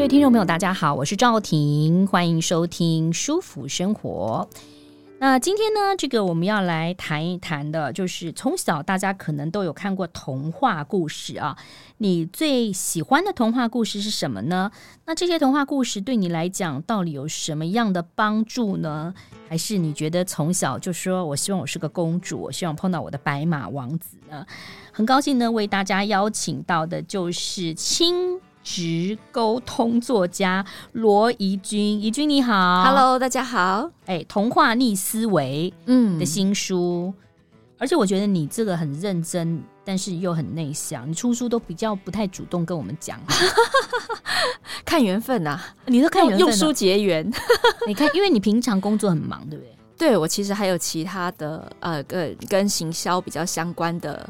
各位聽眾朋友，大家好，我是趙婷，歡迎收聽《蔬福生活》。那今天呢，這個我們要來談一談的，就是從小大家可能都有看過童話故事啊。你最喜歡的童話故事是什麼呢？那這些童話故事對你來講到底有什麼樣的幫助呢？還是你覺得從小就說我希望我是個公主，我希望碰到我的白馬王子呢？很高興呢，為大家邀請到的就是親。職溝通作家羅怡君，怡君你好，Hello，大家好。哎、欸，童話逆思維，嗯的新書，嗯、而且我覺得你這個很認真，但是又很內向，你出書都比較不太主動跟我們講， 看緣分吶、啊，你都看緣分、啊、用，用書結緣，你、 欸、看，因為你平常工作很忙，對不對？對，我其實還有其他的，呃，跟跟行銷比較相關的。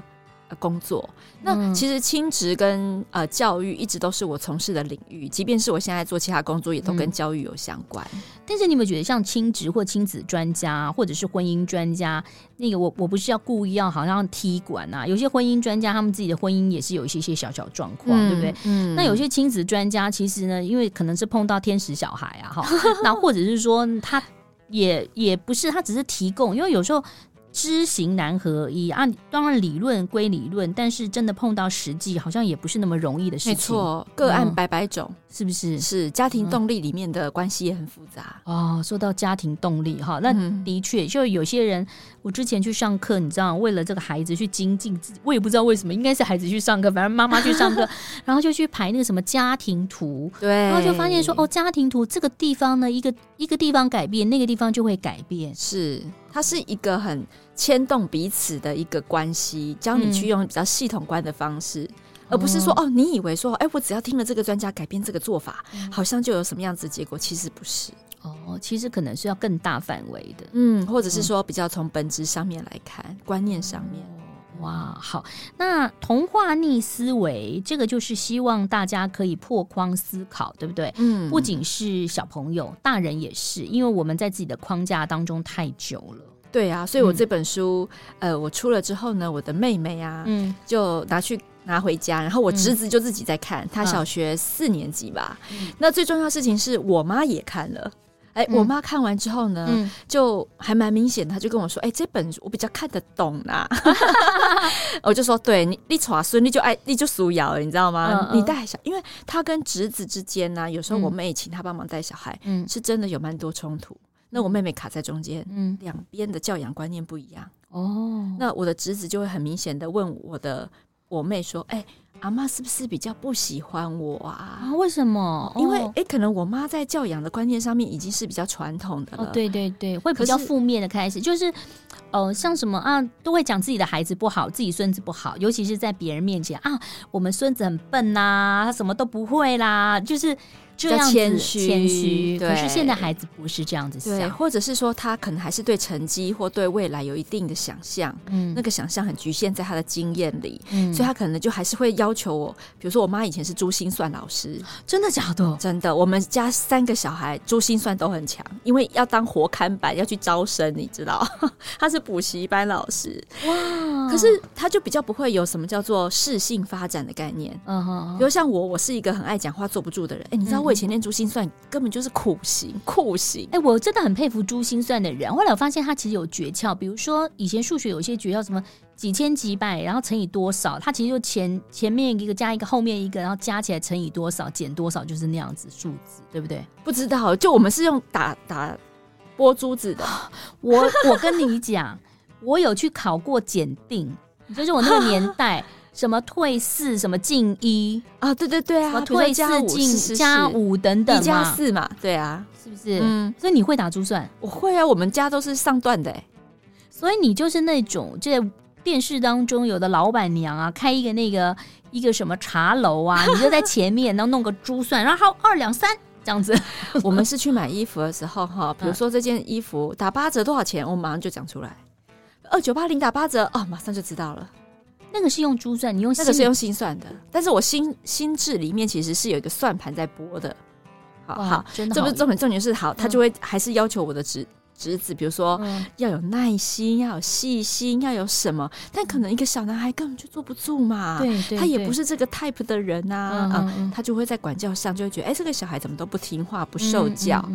工作，那其實親職跟呃教育，一直都是我從事的領域，即便是我現在做其他工作，也都跟教育有相關。嗯，但是你有沒有覺得，像親職或親子專家，或者是婚姻專家，那個我我不是要故意要好像踢館啊？有些婚姻專家他們自己的婚姻也是有一些些小小狀況，嗯，對不對？嗯。那有些親子專家其實呢，因為可能是碰到天使小孩啊，哈，那或者是說他也也不是，他只是提供，因為有時候。知行難合一啊，當然理論歸理論，但是真的碰到實際，好像也不是那麼容易的事情。沒錯，個案百百種，嗯，是不是？是家庭動力裡面的關係也很複雜。嗯。哦，說到家庭動力，哈，那的確，就有些人。我之前去上課，你知道，為了這個孩子去精進自己，我也不知道為什麼，應該是孩子去上課，反正媽媽去上課， 然後就去排那個什麼家庭圖，對，然後就發現說，哦，家庭圖這個地方呢，一個一個地方改變，那個地方就會改變，是，它是一個很牽動彼此的一個關係，教你去用比較系統觀的方式，嗯、而不是說，哦，你以為說，哎、欸，我只要聽了這個專家改變這個做法，嗯、好像就有什麼樣子的結果，其實不是。哦，其實可能是要更大範圍的，嗯，或者是說比較從本質上面來看，嗯、觀念上面，哇，好，那童話逆思維這個就是希望大家可以破框思考，對不對？嗯，不僅是小朋友，大人也是，因為我們在自己的框架當中太久了。對啊，所以我這本書，嗯、呃，我出了之後呢，我的妹妹啊，嗯，就拿去拿回家，然後我侄子就自己在看，他、嗯、小學四年級吧。嗯、那最重要的事情是我媽也看了。哎、欸，我媽看完之後呢，嗯、就還蠻明顯，嗯、她就跟我說：“哎、欸，這本我比較看得懂啦。 」我就說：“對你你耍孫你就愛你就俗謠，你知道嗎？嗯嗯、你帶小，因為他跟侄子之間呢、啊，有時候我妹請他幫忙帶小孩，嗯、是真的有蠻多衝突。嗯、那我妹妹卡在中間，兩邊、嗯、的教養觀念不一樣哦。那我的侄子就會很明顯的問我的我妹說：哎、欸。”阿媽是不是比較不喜歡我啊？啊，為什麼？Oh. 因為、欸、可能我媽在教養的觀念上面已經是比較傳統的了。Oh, 對對對，會比較負面的開始，是就是、呃，像什麼啊，都會講自己的孩子不好，自己孫子不好，尤其是在別人面前啊，我們孫子很笨吶、啊，他什麼都不會啦，就是。這樣子謙虛，對，可是現在孩子不是這樣子想，對，或者是說他可能還是對成績或對未來有一定的想象，嗯，那個想象很局限在他的經驗裡，嗯，所以他可能就還是會要求我，比如說我媽以前是珠心算老師，嗯，真的假的？嗯，真的，我們家三個小孩珠心算都很強，因為要當活看板要去招生，你知道， 他是補習班老師，哇，可是他就比較不會有什麼叫做適性發展的概念，嗯哼嗯哼，比如像我，我是一個很愛講話、坐不住的人，哎，欸，你知道為我以前念珠心算根本就是苦刑，酷刑！哎、欸，我真的很佩服珠心算的人。後來我發現他其實有訣竅，比如說以前數學有一些訣竅，什麼幾千幾百，然後乘以多少，他其實就前前面一個加一個，後面一個，然後加起來乘以多少減多少，就是那樣子數字，對不對？不知道，就我們是用打打撥珠子的。 我我跟你講，我有去考過檢定，就是我那個年代。 什麼退四，什麼進一啊？對對對啊，退四加五進是是是，加五等等嘛，一加四嘛，對啊，是不是？嗯。所以你會打珠算？我會啊，我們家都是上段的。所以你就是那種，這電視當中有的老闆娘啊，開一個那個一個什麼茶樓啊，你就在前面，然後 弄個珠算，然後二兩三這樣子。 我們是去買衣服的時候哈，比如說這件衣服打八折多少錢，我馬上就講出來，二九八零打八折哦，馬上就知道了。那個是用珠算，你用那個是用心算的，但是我心心智裡面其實是有一個算盤在撥的，好好，這不是重點，重點是好，他就會還是要求我的侄侄子，比如說要有耐心，要有細心，要有什麼，但可能一個小男孩根本就坐不住嘛，對，他也不是這個 type 的人啊，他就會在管教上就會覺得，哎，這個小孩怎麼都不聽話，不受教。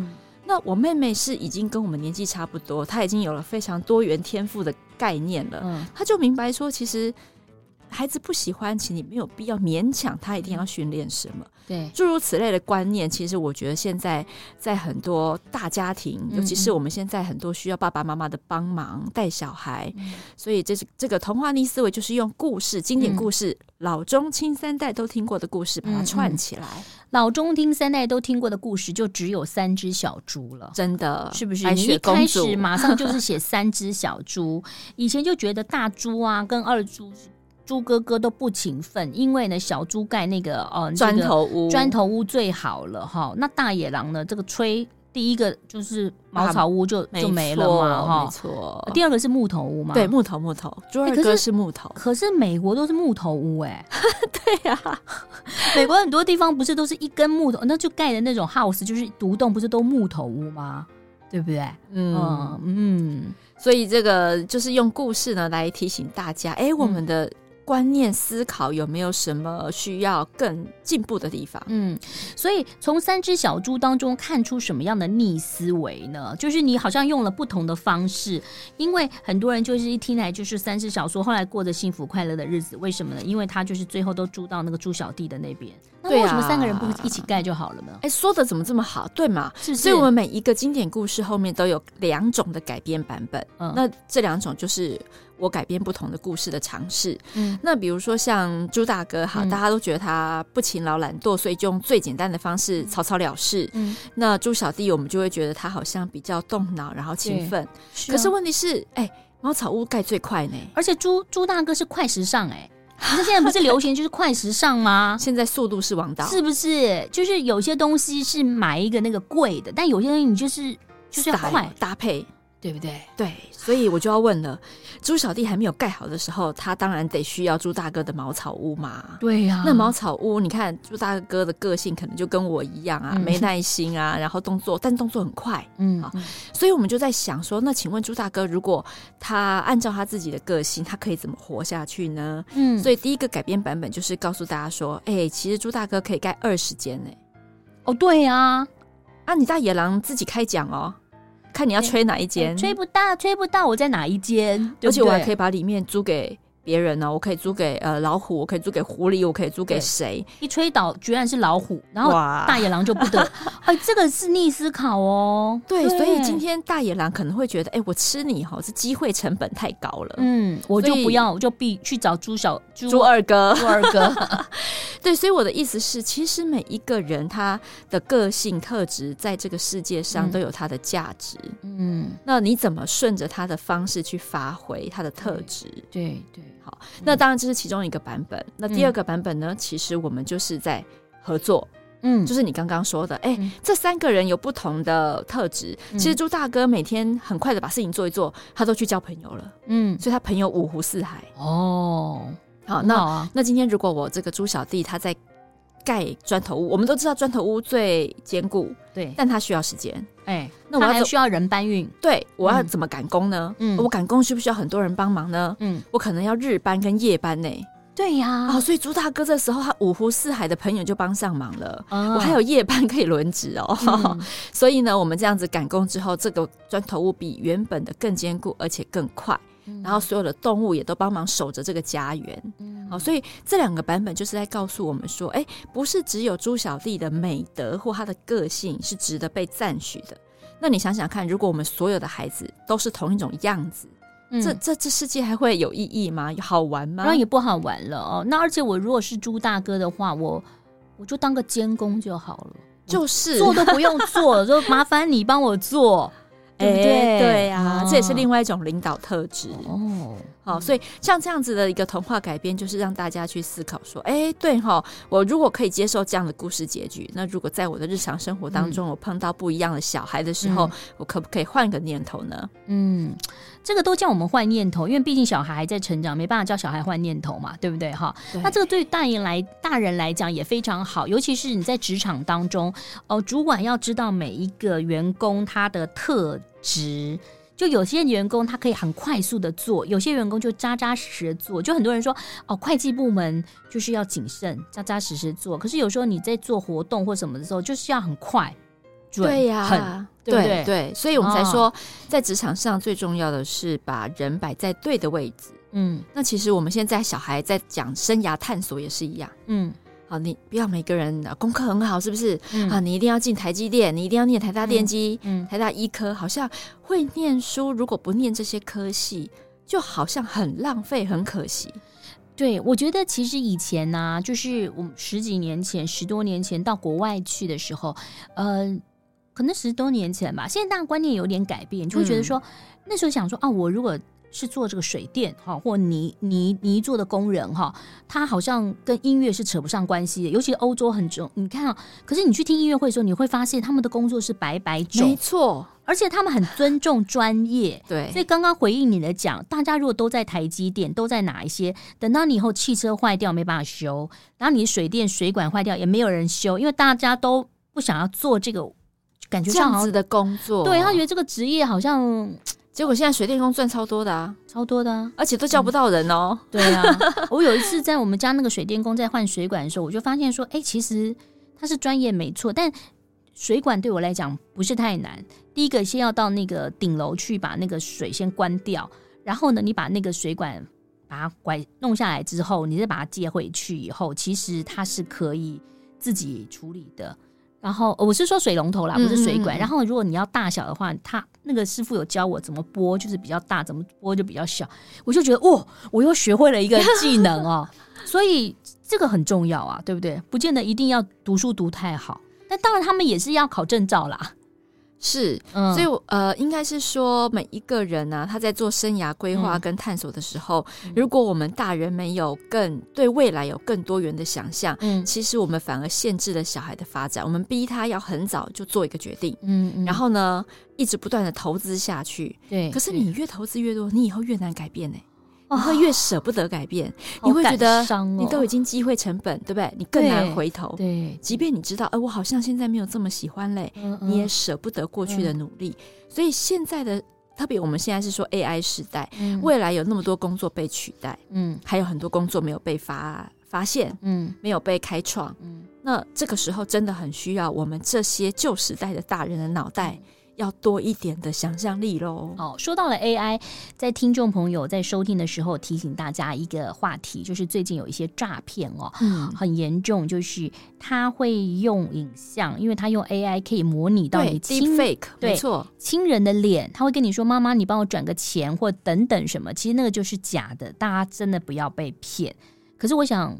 那我妹妹是已經跟我們年紀差不多，她已經有了非常多元天賦的概念了，她就明白說，其實。孩子不喜歡，請你沒有必要勉強他一定要訓練什麼。嗯、對，諸如此類的觀念，其實我覺得現在在很多大家庭，嗯嗯、尤其是我們現在很多需要爸爸媽媽的幫忙帶小孩，嗯、所以這是這個童話逆思維，就是用故事、經典故事，嗯、老中青三代都聽過的故事把它串起來。嗯嗯、老中青三代都聽過的故事，就只有三隻小豬了，真的是不是？你一開始馬上就是寫三隻小豬， 以前就覺得大豬啊跟二豬。豬哥哥都不勤奮，因為呢，小豬蓋那個哦，這個、磚頭屋，磚頭屋最好了哈、哦。那大野狼呢？這個吹第一個就是茅草屋就、啊、就沒了嘛，沒錯。哦、沒錯，第二個是木頭屋嘛，對，木頭木頭。豬二哥是木頭，欸、可是、可是美國都是木頭屋哎。 對呀、啊， 美國很多地方不是都是一根木頭，那就蓋的那種 house，就是獨棟，不是都木頭屋嗎？對不對？嗯嗯。嗯嗯，所以這個就是用故事呢來提醒大家，哎，我們的。嗯觀念思考有沒有什麼需要更進步的地方？嗯，所以從三隻小豬當中看出什麼樣的逆思維呢？就是你好像用了不同的方式，因為很多人就是一聽來就是三隻小豬後來過着幸福快樂的日子，為什麼呢？因為他就是最後都住到那個豬小弟的那邊。啊、那為什麼三個人不一起蓋就好了呢？哎，說的怎麼這麼好？對嘛？是是，所以我們每一個經典故事後面都有兩種的改編版本。嗯，那這兩種就是。我改變不同的故事的嘗試，嗯，那比如說像豬大哥，哈、嗯，大家都覺得他不勤勞懶惰，所以就用最簡單的方式草草了事，嗯，那豬小弟，我們就會覺得他好像比較動腦，然後勤奮，對可是問題是，哎要，茅、欸、草屋蓋最快呢，而且豬豬大哥是快時尚、欸，哎，現在不是流行就是快時尚嗎、欸？ 現在速度是王道，是不是？就是有些東西是買一個那個貴的，但有些東西你就是就是要快 Style，搭配。對不對？對，所以我就要問了：豬小弟還沒有蓋好的時候，他當然得需要豬大哥的茅草屋嘛。對呀、啊。那茅草屋，你看豬大哥的個性可能就跟我一樣啊，嗯、沒耐心啊，然後動作但動作很快，嗯啊、嗯。所以我們就在想說，那請問豬大哥，如果他按照他自己的個性，他可以怎麼活下去呢？嗯。所以第一個改編版本就是告訴大家說：哎、欸，其實豬大哥可以蓋二十間呢。哦，對呀、啊。啊，你大野狼自己開講哦。看你要吹哪一間？吹不到，吹不到，我在哪一間？而且我還可以把裡面租給。別人呢、哦？我可以租給呃老虎，我可以租給狐狸，我可以租給，我可以租給誰？一吹一倒，居然是老虎，然後大野狼就不得。哇哎，這個是逆思考哦。對，對，所以今天大野狼可能會覺得，哎，我吃你哦，是機會成本太高了。嗯，我就不要，我就必去找豬小豬，以豬二哥。豬二哥。 對，所以我的意思是，其實每一個人他的個性特質，在這個世界上都有他的價值。嗯，嗯，那你怎麼順着他的方式去發揮他的特質？對對。對對好，那當然這是其中一個版本。那第二個版本呢？嗯、其實我們就是在合作，嗯，就是你剛剛說的，哎、欸，嗯、這三個人有不同的特質。嗯、其實豬大哥每天很快的把事情做一做，他都去交朋友了，嗯，所以他朋友五湖四海。哦，好，那好、啊、那今天如果我這個豬小弟他在。蓋磚頭屋，我們都知道磚頭屋最堅固，對，但它需要時間，哎、欸，那我還需要人搬運，我對我要怎麼趕工呢？嗯，我趕工需不需要很多人幫忙呢？嗯，我可能要日班跟夜班呢。對呀、啊哦，所以豬大哥這時候他五湖四海的朋友就幫上忙了，哦、我還有夜班可以輪值哦。嗯、呵呵所以呢，我們這樣子趕工之後，這個磚頭屋比原本的更堅固，而且更快。然後所有的動物也都幫忙守着這個家園，好、嗯哦，所以這兩個版本就是在告訴我們說，哎，不是只有豬小弟的美德或他的個性是值得被讚許的。那你想想看，如果我們所有的孩子都是同一種樣子，嗯、這這這世界還會有意義嗎？好玩嗎？當然也不好玩了哦。那而且我如果是豬大哥的話，我我就當個監工就好了，就是、啊、做都不用做， 就麻煩你幫我做。哎對對，欸，對啊，嗯，這也是另外一種領導特質。哦。好、哦，所以像這樣子的一個童話改編，就是讓大家去思考說，哎、欸，對哈、哦，我如果可以接受這樣的故事結局，那如果在我的日常生活當中，我碰到不一樣的小孩的時候，嗯、我可不可以換個念頭呢？嗯，這個都叫我們換念頭，因為畢竟小孩還在成長，沒辦法叫小孩換念頭嘛，對不對？哈對，那這個對大人來，大人來講也非常好，尤其是你在職場當中，哦，主管要知道每一個員工他的特質。就有些員工他可以很快速的做，有些員工就紮紮實實做。就很多人說，哦，會計部門就是要謹慎、紮紮實實做。可是有時候你在做活動或什麼的時候，就是要很快、準。對呀、啊，很對對，對對。所以我們才說，哦、在職場上最重要的是把人擺在對的位置。嗯，那其實我們現在小孩在講生涯探索也是一樣。嗯。好、啊，你不要每個人、啊、功課很好，是不是？好、嗯啊，你一定要進台積電，你一定要念台大電機，嗯嗯、台大醫科，好像會念書，如果不念這些科系，就好像很浪費，很可惜。對，我覺得其實以前呢、啊，就是我們十幾年前、十多年前到國外去的時候，嗯、呃，可能十多年前吧。現在大家觀念有點改變，就會覺得說，嗯、那時候想說啊，我如果是做這個水電哈，或泥泥泥做的工人哈，他好像跟音樂是扯不上關係的。尤其歐洲很重，你看，可是你去聽音樂會的時候，你會發現他們的工作是白白做，沒錯，而且他們很尊重專業。對，所以剛剛回應你的講，大家如果都在台積電，都在哪一些？等到你以後汽車壞掉沒辦法修，然後你水電水管壞掉也沒有人修，因為大家都不想要做這個感覺上這樣子的工作，對他覺得這個職業好像。結果現在水電工賺超多的啊，超多的，啊，而且都叫不到人哦、嗯。對啊，我有一次在我們家那個水電工在換水管的時候， 我就發現說，哎、欸，其實他是專業沒錯，但水管對我來講不是太難。第一個，先要到那個頂樓去把那個水先關掉，然後呢，你把那個水管把它拐弄下來之後，你再把它接回去以後，其實它是可以自己處理的。然後，哦，我是說水龍頭啦，不是水管。嗯嗯。然後如果你要大小的話，他那個師傅有教我怎麼撥，就是比較大，怎麼撥就比較小。我就覺得，哦，我又學會了一個技能哦， 所以這個很重要啊，對不對？不見得一定要讀書讀太好，但當然他們也是要考證照啦。是，嗯、所以呃，應該是說每一個人呢，啊，他在做生涯規劃跟探索的時候，嗯嗯，如果我們大人沒有更對未來有更多元的想象，嗯，其實我們反而限制了小孩的發展，我們逼他要很早就做一個決定，嗯嗯，嗯，然後呢，一直不斷的投資下去，對，可是你越投資越多，你以後越難改變呢？你會越捨不得改變，哦、你會覺得你都已經機會成本，哦、對不對？你更難回頭。對，對即便你知道，哎、呃，我好像現在沒有這麼喜歡嘞，嗯嗯，你也捨不得過去的努力。嗯、所以現在的，特別我們現在是說 AI 時代，嗯、未來有那麼多工作被取代，嗯，還有很多工作沒有被發發現，嗯，沒有被開創。嗯、那這個時候真的很需要我們這些舊時代的大人的腦袋。要多一點的想象力嘍。好、哦，說到了 AI，在聽眾朋友在收聽的時候，提醒大家一個話題，就是最近有一些詐騙哦，嗯、很嚴重，就是他會用影像，因為他用 AI 可以模擬到你親 fake，對, Deepfake, 對錯親人的臉，他會跟你說媽媽，你幫我轉個錢或等等什麼，其實那個就是假的，大家真的不要被騙。可是我想。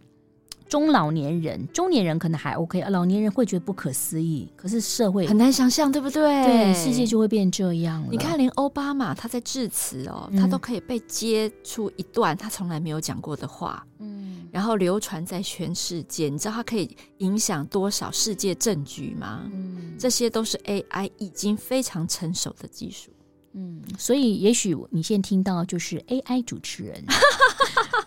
中老年人，中年人可能還 OK，老年人會覺得不可思議。可是社會有有很難想象，對不對？對，世界就會變這樣了。你看，連奧巴馬他在致辭哦，嗯，他都可以被接出一段他從來沒有講過的話，嗯，然後流傳在全世界。你知道他可以影響多少世界政局嗎？嗯，這些都是 AI 已經非常成熟的技術。嗯，所以也許你現在聽到就是 AI 主持人。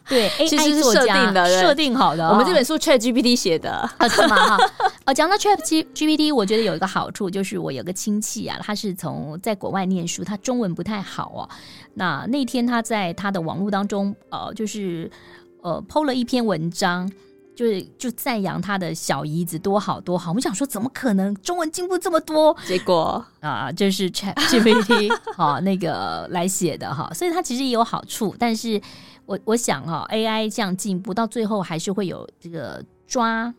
對，AI、欸、其實是設定的，設家對定好的。我們這本書 ChatGPT 寫的，是嗎？哈，呃，講到 ChatGPT，我覺得有一個好處就是我有個親戚啊，他是從在國外念書，他中文不太好哦、啊。那那天他在他的網絡當中，呃，就是呃，PO 了一篇文章，就是就贊揚他的小姨子多好多好。我們想說，怎麼可能中文進步這麼多？結果啊，就是 ChatGPT 啊那個來寫的哈、啊，所以它其實也有好處，但是。我我想哈、哦、，AI 這樣進步到最後還是會有這個抓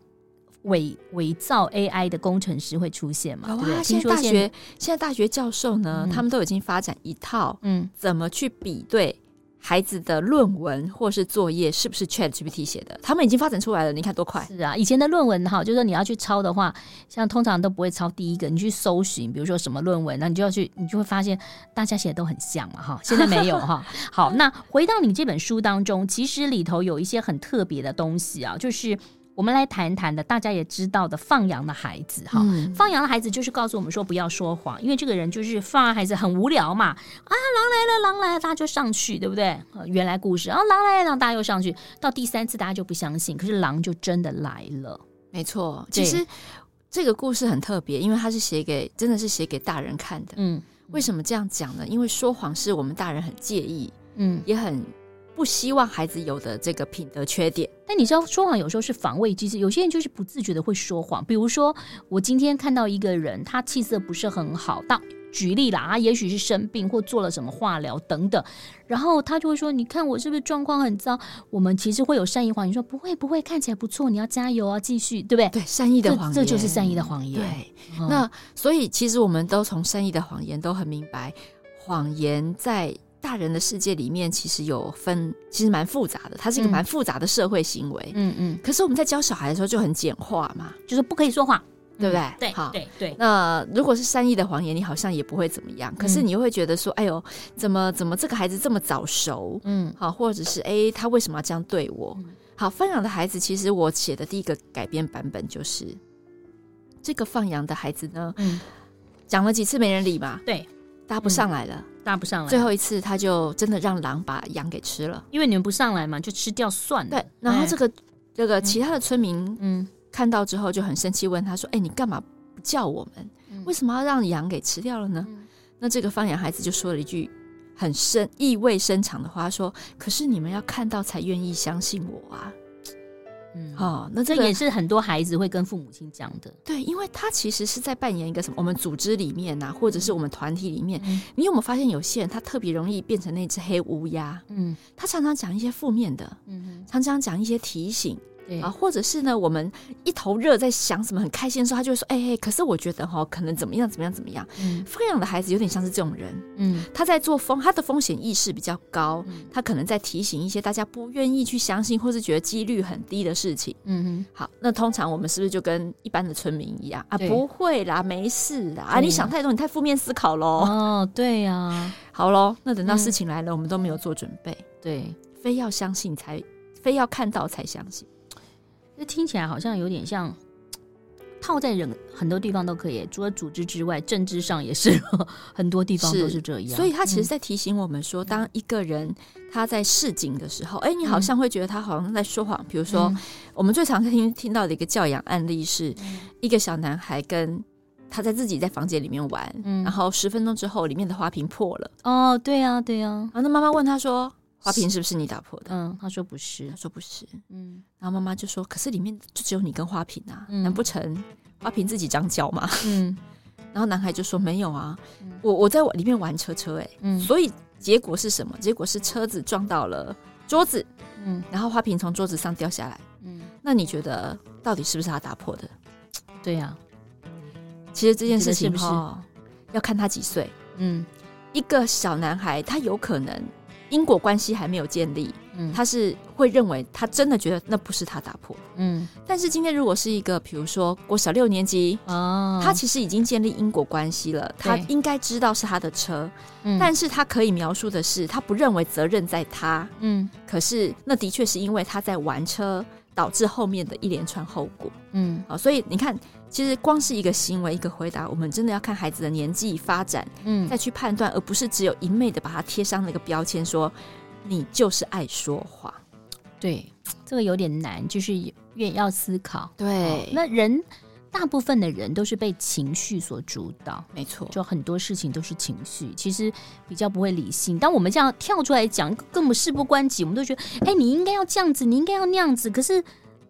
偽偽造 AI 的工程師會出現嘛？對、哦、啊，對現在大學現在大學教授呢，嗯、他們都已經發展一套，嗯，怎麼去比對？孩子的論文或是作業是不是 ChatGPT 寫的？他們已經發展出來了，你看多快！是啊，以前的論文哈，就是說你要去抄的話，像通常都不會抄第一個。你去搜尋，比如說什麼論文，那你就要去，你就會發現大家寫的都很像嘛，哈。現在沒有哈。 好，那回到你這本書當中，其實裡頭有一些很特別的東西啊，就是。我們來談談的，大家也知道的放羊的孩子哈，嗯、放羊的孩子就是告訴我們說不要說謊，因為這個人就是放羊孩子很無聊嘛，啊，狼來了，狼來了，大家就上去，對不對？原來故事，然、啊、狼來了，大家又上去，到第三次大家就不相信，可是狼就真的來了，沒錯。其實對這個故事很特別，因為它是寫給真的是寫給大人看的。嗯，為什麼這樣講呢？因為說謊是我們大人很介意，嗯，也很。不希望孩子有的這個品德缺點，但你知道說謊有時候是防衛機制，有些人就是不自覺的會說謊。比如說我今天看到一個人，他氣色不是很好，當舉例啦，啊，也許是生病或做了什麼化療等等，然後他就會說：“你看我是不是狀況很糟？”我們其實會有善意謊言，說不會不會，看起來不錯，你要加油啊，繼續，對不對？對，善意的謊言這，這就是善意的謊言。對，嗯、那所以其實我們都從善意的謊言都很明白，謊言在。大人的世界裡面其實有分，其實蠻複雜的，它是一個蠻複雜的社會行為。嗯嗯。嗯嗯可是我們在教小孩的時候就很簡化嘛，就是不可以說謊，嗯、對不對？對對對。好對對那如果是善意的謊言，你好像也不會怎麼樣。可是你又會覺得說，嗯、哎呦，怎麼怎麼這個孩子這麼早熟？嗯，好，或者是哎、欸，他為什麼要這樣對我？嗯、好，放羊的孩子，其實我寫的第一個改編版本就是這個放羊的孩子呢，講、嗯、了幾次沒人理嘛？對。搭不上來了，嗯、搭不上來。最後一次，他就真的讓狼把羊給吃了，因為你們不上來嘛，就吃掉算了。對，然後這個、哎、這個其他的村民，嗯，看到之後就很生氣，問他說：“哎、欸，你幹嘛不叫我們？為什麼要讓羊給吃掉了呢？”嗯、那這個放羊孩子就說了一句很深意味深長的話，說：“可是你們要看到才願意相信我啊。”嗯，好、哦，那、這個、這也是很多孩子會跟父母親講的。對，因為他其實是在扮演一個什麼？我們組織裡面啊，或者是我們團體裡面，嗯、你有沒有發現有些人他特別容易變成那隻黑烏鴉。嗯，他常常講一些負面的，嗯哼，常常講一些提醒。啊，或者是呢，我們一頭熱，在想什麼很開心的時候，他就會說：“哎哎，可是我覺得哈，可能怎麼樣，怎麼樣，怎麼樣。”嗯，放羊的孩子有點像是這種人，嗯，他在做風，他的風險意識比較高，他可能在提醒一些大家不願意去相信，或是覺得幾率很低的事情。嗯哼，好，那通常我們是不是就跟一般的村民一樣啊？不會啦，沒事啦。啊！你想太多，你太負面思考嘍。哦，對呀，好嘍，那等到事情來了，我們都沒有做準備，對，非要相信才，非要看到才相信。聽起來好像有點像套在人很多地方都可以，除了組織之外，政治上也是很多地方都是這樣。所以，他其實在提醒我們說，嗯、當一個人他在示警的時候，哎、欸，你好像會覺得他好像在說謊。比如說，嗯、我們最常聽聽到的一個教養案例是，嗯、一個小男孩跟他在自己在房間裡面玩，嗯、然後十分鐘之後，裡面的花瓶破了。哦，對啊，對啊。然後、啊、那媽媽問他說。花瓶是不是你打破的？嗯，他說不是，他說不是。嗯，然後媽媽就說：“可是裡面就只有你跟花瓶啊，難不成花瓶自己長腳嗎？”嗯，然後男孩就說：“沒有啊，我我在裡面玩車車，哎，嗯，所以結果是什麼？結果是車子撞到了桌子，嗯，然後花瓶從桌子上掉下來，嗯，那你覺得到底是不是他打破的？對呀，其實這件事情不是要看他幾歲，嗯，一個小男孩他有可能。”因果關係還沒有建立，嗯，他是會認為他真的覺得那不是他打破，嗯。但是今天如果是一個，比如說我小六年級，哦，他其實已經建立因果關係了，對他應該知道是他的車，嗯，但是他可以描述的是，他不認為責任在他，嗯。可是那的確是因為他在玩車導致後面的一連串後果，嗯。啊，所以你看。其實光是一個行為，一個回答，我們真的要看孩子的年紀發展，嗯，再去判斷，而不是只有一昧的把他貼上那個標籤說，說你就是愛說話。對，這個有點難，就是越要思考。對、哦，那人大部分的人都是被情緒所主導，沒錯，就很多事情都是情緒，其實比較不會理性。當我們這樣跳出來講，根本事不關己，我們都覺得，哎，你應該要這樣子，你應該要那樣子，可是，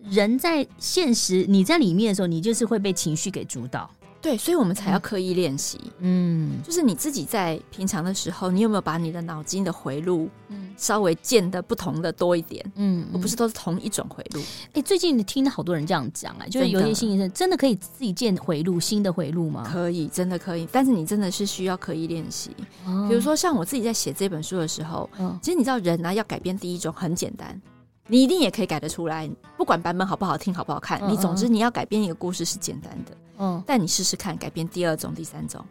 人在現實，你在裡面的時候，你就是會被情緒給主導。對，所以我們才要刻意練習、嗯。嗯，就是你自己在平常的時候，你有沒有把你的腦筋的回路，嗯，稍微建的不同的多一點？嗯，而不是都是同一種回路。哎、嗯嗯欸，最近你聽了好多人這樣講啊、欸，就是有些心理醫生真的可以自己建回路，新的回路嗎？可以，真的可以。但是你真的是需要刻意練習。哦、比如說，像我自己在寫這本書的時候，哦、其實你知道，人呢、啊，要改變第一種很簡單。你一定也可以改得出來，不管版本好不好聽，好不好看，嗯嗯，你總之你要改編一個故事是簡單的。嗯，但你試試看改編第二種、第三種，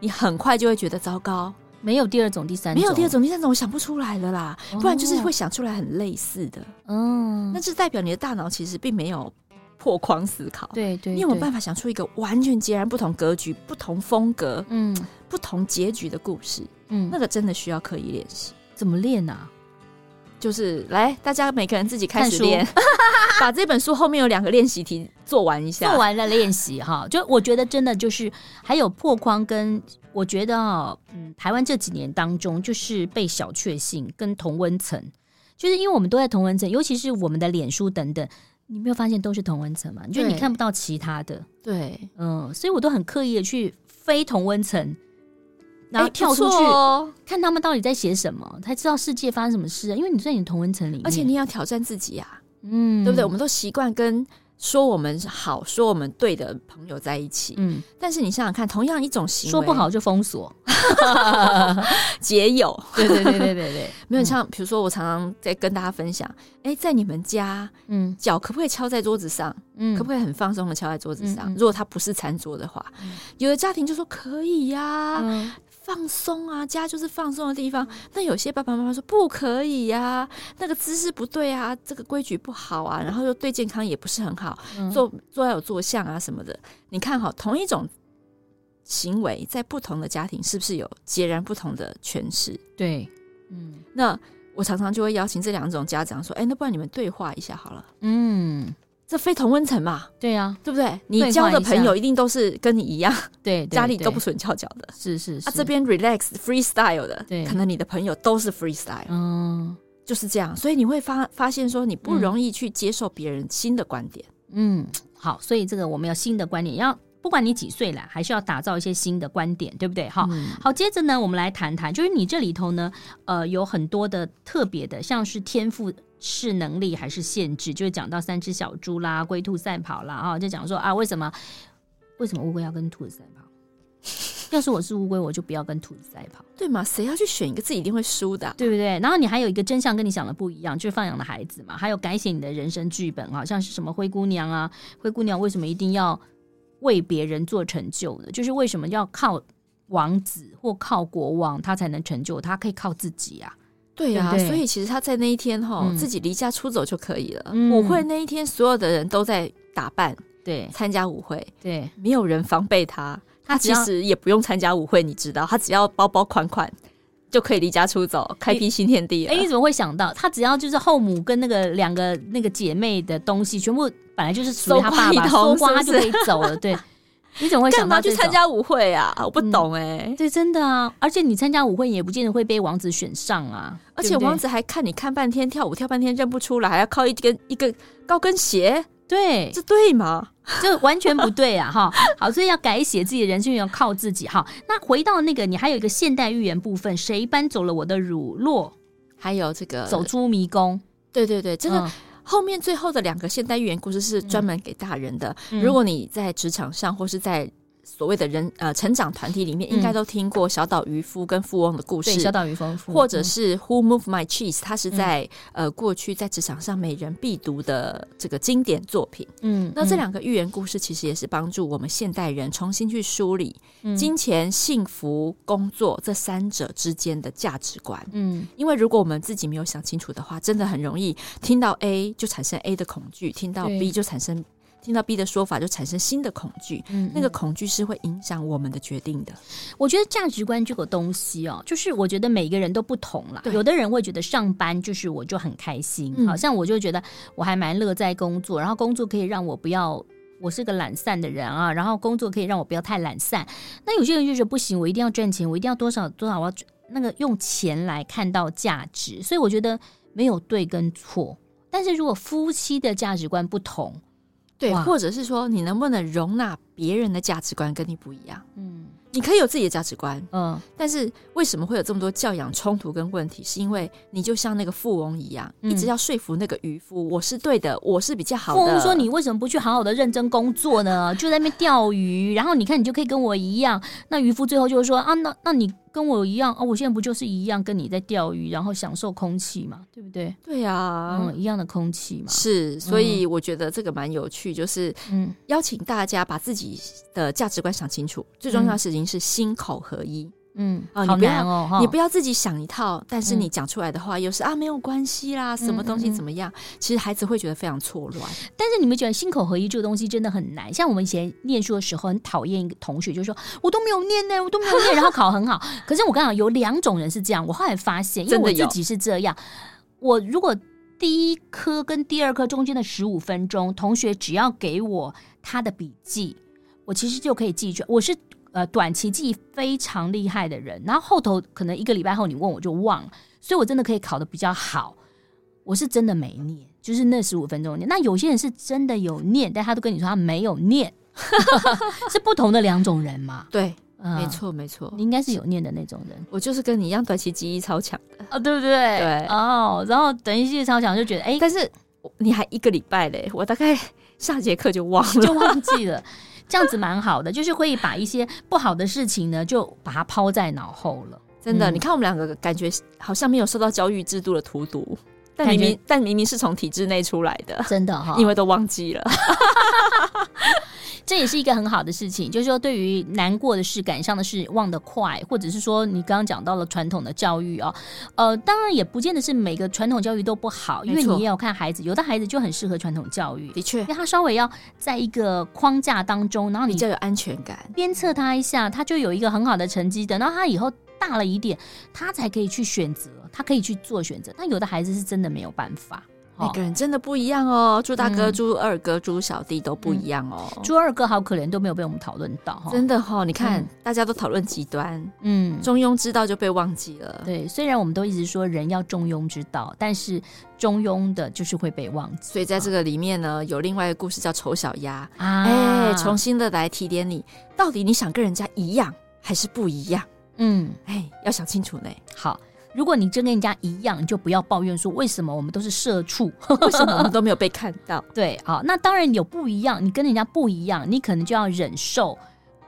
你很快就會覺得糟糕。沒有第二種、第三種，沒有第二種、第三種，我想不出來了啦。不然就是會想出來很類似的。嗯，哦，那這代表你的大腦其實並沒有破框思考。對對，對，你有沒有辦法想出一個完全截然不同格局、不同風格、嗯，不同結局的故事。嗯，那個真的需要刻意練習。怎麼練啊？就是來，大家每個人自己開始練，看書 把這本書後面有兩個練習題做完一下。做完了練習哈，就我覺得真的就是還有破框跟我覺得嗯，台灣這幾年當中就是被小確幸跟同溫層，就是因為我們都在同溫層，尤其是我們的臉書等等，你沒有發現都是同溫層嘛？你覺得你看不到其他的。對，對嗯，所以我都很刻意的去非同溫層。然後跳出去看他們到底在寫什麼，才知道世界發生什麼事。因為你在你的同溫層裡面，而且你要挑戰自己啊，嗯，對不對？我們都習慣跟說我們好、說我們對的朋友在一起，嗯。但是你想想看，同樣一種習慣說不好就封鎖，結友。對對對對對對，沒有像比如說，我常常在跟大家分享，哎，在你們家，嗯，腳可不可以翹在桌子上？可不可以很放鬆的翹在桌子上？如果它不是餐桌的話，有的家庭就說可以呀。放鬆啊，家就是放鬆的地方。那有些爸爸媽媽說不可以呀，啊，那個姿勢不對啊，這個規矩不好啊，然後又對健康也不是很好，嗯、哼坐坐要有坐相啊什麼的。你看哈，同一種行為，在不同的家庭是不是有截然不同的詮釋？對，嗯。那我常常就會邀請這兩種家長說：“哎，那不然你們對話一下好了。”嗯。這非同溫層嘛？對呀、啊，對不對？你交的朋友一定都是跟你一樣，對，對對對家裡都不准翹腳的，是是。是啊，這邊 relax 對 free style 的，對，可能你的朋友都是 free style，嗯，就是這樣。所以你會發發現說，你不容易去接受別人新的觀點。嗯，嗯，好，所以這個我們要新的觀點，要不管你幾歲了，還是要打造一些新的觀點，對不對？好、嗯、好，接着呢，我們來談談，就是你這裡頭呢，呃，有很多的特別的，像是天賦。是能力還是限制？就是講到三隻小豬啦、龜兔賽跑啦啊、哦，就講說啊，為什麼為什麼烏龜要跟兔子賽跑？ 要是我是烏龜，我就不要跟兔子賽跑，對嗎？誰要去選一個自己一定會輸的，對不對？然後你還有一個真相跟你想的不一樣，就是放羊的孩子嘛，還有改寫你的人生劇本，好、哦、像是什麼灰姑娘啊，灰姑娘為什麼一定要為別人做成就的？就是為什麼要靠王子或靠國王，他才能成就？他可以靠自己啊。對呀、啊，所以其實他在那一天哈、哦，嗯、自己離家出走就可以了。嗯、舞會那一天，所有的人都在打扮，對，參加舞會，對，沒有人防備他，他，他其實也不用參加舞會，你知道，他只要包包款款就可以離家出走，你開闢新天地了。哎、欸，你怎麼會想到他只要就是後母跟那個兩個那個姐妹的東西全部本來就是屬於他爸爸，搜刮他就可以走了， 對。你怎麼會幹嘛去參加舞會啊？我不懂，哎、欸嗯。對，真的啊，而且你參加舞會也不見得會被王子選上啊。而且王子還看你看半天，跳舞跳半天認不出來，還要靠一根一根高跟鞋，對，這對嗎？這完全不對啊。哈， 好，所以要改寫自己的人生，要靠自己哈。那回到那個，你還有一個現代寓言部分，誰搬走了我的乳酪？還有這個走出迷宮？對對對，這個。嗯後面最後的兩個現代寓言故事是專門給大人的。嗯，如果你在職場上或是在。所謂的人呃成長團體裡面，應該都聽過小島漁夫跟富翁的故事，嗯、對，小島漁夫，或者是 Who Moved My Cheese？它是在、嗯、呃過去在職場上每人必讀的這個經典作品。嗯，那這兩個寓言故事其實也是幫助我們現代人重新去梳理金錢、嗯、幸福、工作這三者之間的價值觀。嗯，因為如果我們自己沒有想清楚的話，真的很容易聽到 A 就產生 A 的恐懼，聽到 B 就產生。聽到 B 的說法，就產生新的恐懼。嗯，嗯，那個恐懼是會影響我們的決定的。我覺得價值觀這個東西哦，就是我覺得每個人都不同啦。對，有的人會覺得上班就是我就很開心，嗯、好像我就覺得我還蠻樂在工作，然後工作可以讓我不要，我是個懶散的人啊，然後工作可以讓我不要太懶散。那有些人就覺得不行，我一定要賺錢，我一定要多少多少，我要那個用錢來看到價值。所以我覺得沒有對跟錯，但是如果夫妻的價值觀不同，對，或者是說你能不能容納別人的價值觀跟你不一樣？嗯，你可以有自己的價值觀，嗯，但是為什麼會有這麼多教養衝突跟問題？是因為你就像那個富翁一樣，一直要說服那個漁夫，我是對的，我是比較好的。富翁說：“你為什麼不去好好的認真工作呢？就在那邊釣魚，然後你看你就可以跟我一樣。”那漁夫最後就是說：“啊，那那你。”跟我一樣，哦，我現在不就是一樣，跟你在釣魚，然後享受空氣嘛，對不對？對呀，啊，嗯，一樣的空氣嘛。是，所以我覺得這個蠻有趣，嗯，就是嗯，邀請大家把自己的價值觀想清楚，嗯，最重要的事情是心口合一。嗯，哦、好難哦，你不，哦你不要自己想一套，但是你講出來的話，又是、嗯、啊沒有關係啦，什麼東西怎麼樣，嗯嗯嗯、其實孩子會覺得非常錯亂。但是你們覺得心口合一這個東西真的很難，像我們以前念書的時候，很討厭一個同學，就是說我都沒有念呢、欸，我都沒有念， 然後考很好。可是我剛好有兩種人是這樣，我後來發現，因為我自己是這樣。我如果第一科跟第二科中間的十五分鐘，同學只要給我他的筆記，我其實就可以記住，我是。呃，短期記憶非常厲害的人，然後後頭可能一個禮拜後你問我就忘了，所以我真的可以考得比較好。我是真的沒念，就是那十五分鐘念。那有些人是真的有念，但他都跟你說他沒有念， 是不同的兩種人嘛？對，嗯、沒錯，沒錯。你應該是有念的那種人，我就是跟你一樣短期記憶超強的哦，對不對？對哦，然後等一記憶超強就覺得哎，誒但是你還一個禮拜嘞，我大概下節課就忘了，就忘記了。 這樣子蠻好的，就是會把一些不好的事情呢，就把它拋在腦後了。真的，嗯、你看我們兩個感覺好像沒有受到教育制度的荼毒，但明明覺但明明是從體制內出來的，真的哈、哦，因為都忘記了。 這也是一個很好的事情，就是說，對於難過的事、感傷的事忘得快，或者是說你剛剛講到了傳統的教育哦。呃，當然也不見得是每個傳統教育都不好，因為你也要看孩子，沒錯，有的孩子就很適合傳統教育，的確，因為他稍微要在一個框架當中，然後你比較有安全感，鞭策他一下，他就有一個很好的成績的，等到他以後大了一點，他才可以去選擇，他可以去做選擇，但有的孩子是真的沒有辦法。每個人真的不一樣哦，豬大哥、豬、嗯、二哥、豬小弟都不一樣哦。豬二哥好可憐，都沒有被我們討論到。真的哈、哦，你看大家都討論極端，嗯，中庸之道就被忘記了。對，雖然我們都一直說人要中庸之道，但是中庸的就是會被忘記。所以在這個裡面呢，有另外一個故事叫醜小鴨。哎、啊欸，重新的來提點你，到底你想跟人家一樣還是不一樣？嗯，哎、欸，要想清楚嘞。好。如果你真跟人家一樣，你就不要抱怨說，為什麼我們都是社畜？為什麼我們都沒有被看到。 對，好、哦，那當然有不一樣，你跟人家不一樣，你可能就要忍受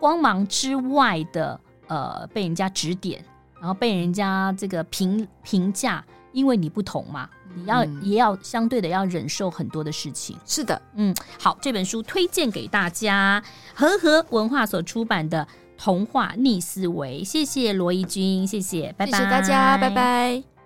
光芒之外的呃被人家指點，然後被人家這個評評價，因為你不同嘛，你要、嗯、也要相對的要忍受很多的事情。是的，嗯，好，這本書推薦給大家，和和文化所出版的。童話逆思維，謝謝羅怡君，謝謝，謝謝大家，拜拜。拜拜。